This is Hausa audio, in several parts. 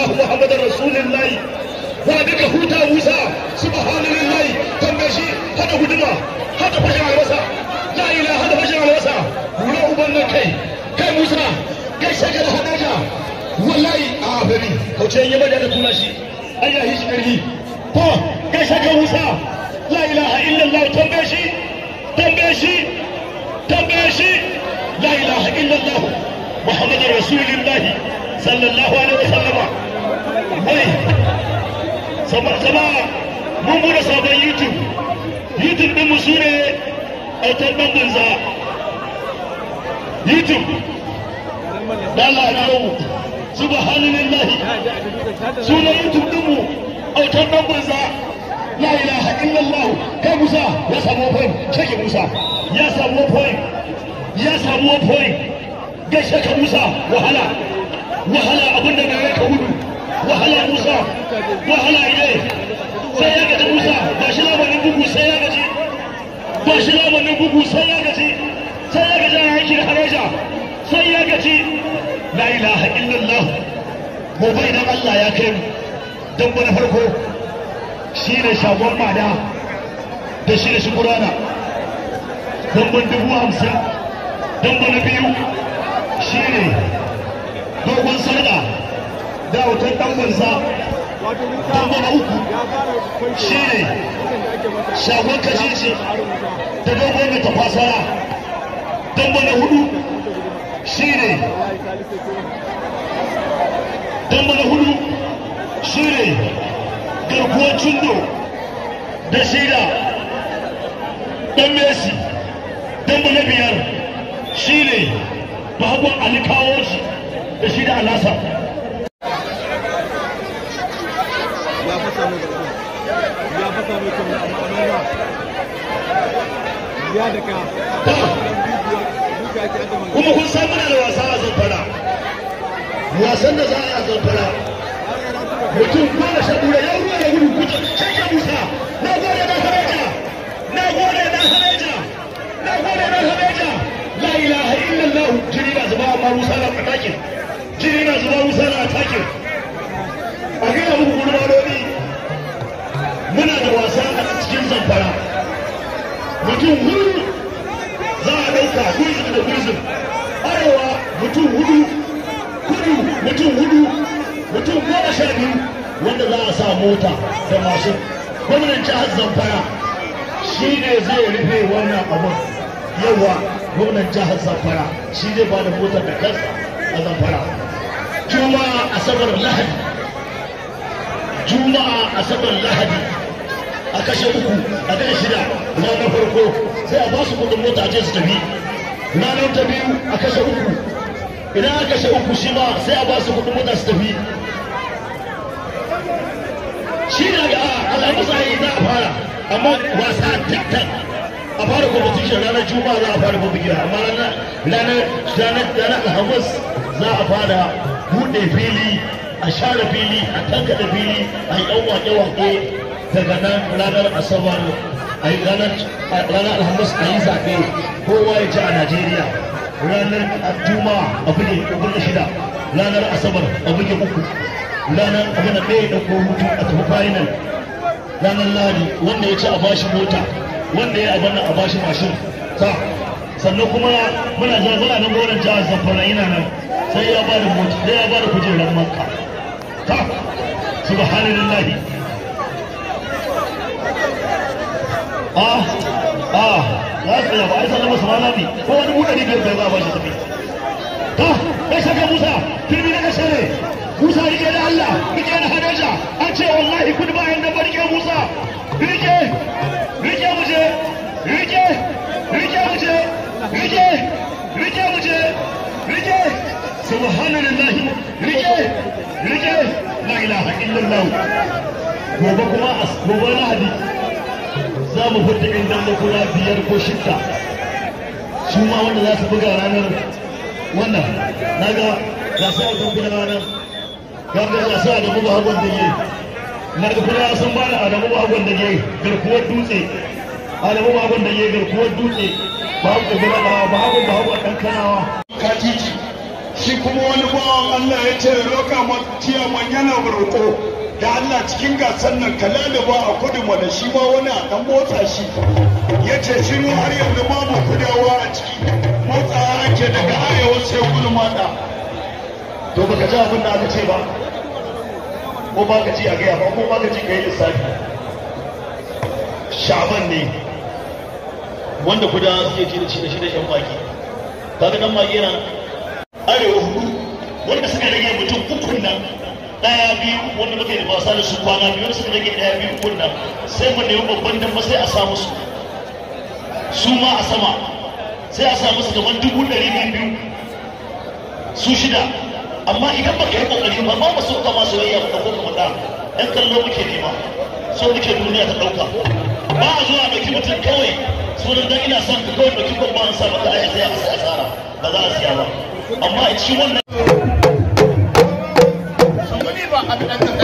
Allah Muhammadur Rasulullahi wa duka huta Musa subhanallahi tambe shi hada guduma hada fashin albasa la ilaha hada fashin albasa lura uban na kai kai Musa gaishe ka da hadaja wallahi a bari kauce yi bada da tuna shi Allah ya shi karfi to gaishe ka wusa la ilaha illallah tambe shi tambe shi tambe shi la ilaha illallah محمد رسول الله صلى الله عليه وسلم kai sabar sama mun bude sabon youtube youtube ɗinmu su ne ɗaukar ɗan banza youtube dala yau su ne youtube ɗinmu ɗaukar ɗan banza la ilaha illallah kai musa ya samu point shake musa ya samu point ya samu point gaishe ka musa wahala wahala abinda da ya ka gudu wahala musa wahala sai ya gaji musa ba shi labarin bugu sai ya gaji ba shi labarin bugu sai ya gaji a yaki da haraja sai ya gaji idan allah ya kai mu don na farko shi ne shagon da shi shi dubu hamsin na biyu shi ne da hoton dan banza bango na uku shi ne shagon kashe da dogon ta tafasara dambo na hudu shi ne dambo na hudu shi ne garkuwar cundo da shida dan messi dambo na biyar shi ne bagon alikawo shi da shida alasa ne kuma kun da wasa a wasan da za a yi a mutum da gudu ya musa na gode na gode na gode la musa a zamfara mutum hudu za a ɗauka gurzin da gurzin arewa mutum hudu kudu mutum hudu mutum goma sha biyu wanda za a sa mota da mashin gwamnan jihar zamfara shi ne zai rufe wannan abun yawa gwamnan jihar zamfara shi zai ba da motar da kansa a zamfara juma'a asabar lahadi juma'a asabar lahadi a kashe uku a kashe shida ranar farko sai a ba su kudin mota ce su tafi ranar ta biyu a kashe uku idan a kashe uku shi ma sai a ba su kudin mota su tafi shi na ga alhamisa yi za a fara amma wasa tattan a fara competition ranar juma'a za a fara bubugira amma ranar alhamis za a fara buɗe fili a share fili a tankaɗe fili a yi ɗan wake-wake daga nan ranar asabar ranar alhamis a yi zaɓe kowa ya ci a najeriya ranar juma'a a buge ugun da shida ranar asabar a buge uku ranar abin da ɗaya ɗauko hutu a tafi final ranar ladi wanda ya ci a bashi mota wanda ya abin a bashi mashin ta sannan kuma muna zazana goron zamfara yana nan sai ya ba ya kujerar maka ta Ah, ah, a a za su yaba ai sallama su rana ko biyar a bashi musa na ƙashe ne musa allah rike da hadaja an ce wallahi kun bayan nan ba rike musa rike rike mu je rike rike mu rike rike mu rike rike rike illallah gobe kuma gobe lahadi za mu fita in da guda biyar ko shida su ma wanda za su buga ranar wannan na ga gasa a kan gudan ranar ga ga gasa Adamu ba hagon da ke na ga kuma sun bada a Adamu ba hagon da ke garkuwar dutse a ba buga hagon da ke garkuwar dutse ba hagon da ba hagon ba hagon dan kanawa katiti shi kuma wani bawan Allah ya ce roka matiya man yana da Allah cikin gasar nan ka lalaba a kudu mana shi ma wani a dan motsa shi ya ce shi mu har yanzu ma mu kudawa a ciki motsa ake daga arewa sai kudu mata to baka ji abin da aka ce ba ko ba ka ji a gaya ba ko ba ka ji ka yi lissafi shaban ne wanda kudawa suke ji da shi da shi da yan baki kaga dan magi yana arewa hudu wanda suka rage mutum hukun nan daya biyu wanda muke da wasa da su kwana biyu wanda suka rage daya biyu kunna sai mu nemi babban dan sai a samu su su ma a sama sai a samu su kamar dubu ɗari biyu su shida amma idan baka yi kokari ba ma masu kama ba ko kamar da ɗan kallo muke nema so muke duniya ta ɗauka ba a zuwa ɗauki mutum kawai sunan dan ina son ka kawai ɗauki ba an sa maka aya sai a tsara ba za a siya ba amma a ci wannan habitantes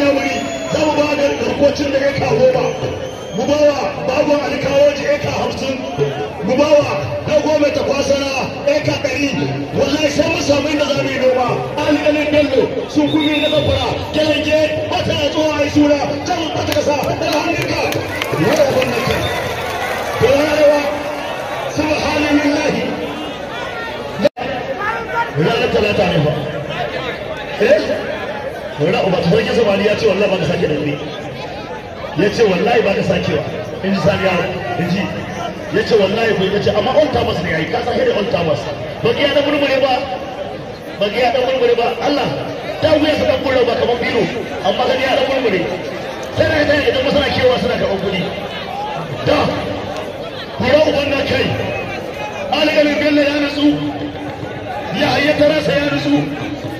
inyamuri za mu ba da garkocin da ya kawo ba mu bawa wa babu alikawo ji eka hamsin wani abu ba ta sarki samari ya ce wallahi ba ka sake dambe ya ce wallahi ba ka sakewa in ji sani yaro in ji ya ce wallahi bai ya ce amma on tamas ne yayi ka san hidin on tamas ba ki ya da murmure ba ba ki ya murmure ba Allah ta wuya su dan kurra ba kamar biro amma gani ya da murmure sai da ta idan masana kewa suna karɓar kuɗi da kura uban na kai alƙalin bello ya nutsu ya hayyata rasa ya nutsu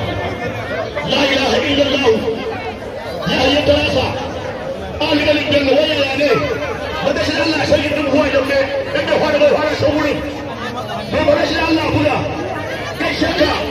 la ilaha illallah ya ayyuka nasa ahli aljanna waya ya ne wanda shi Allah sai yin huwa da ne dan da fara bai fara shi wurin ba kula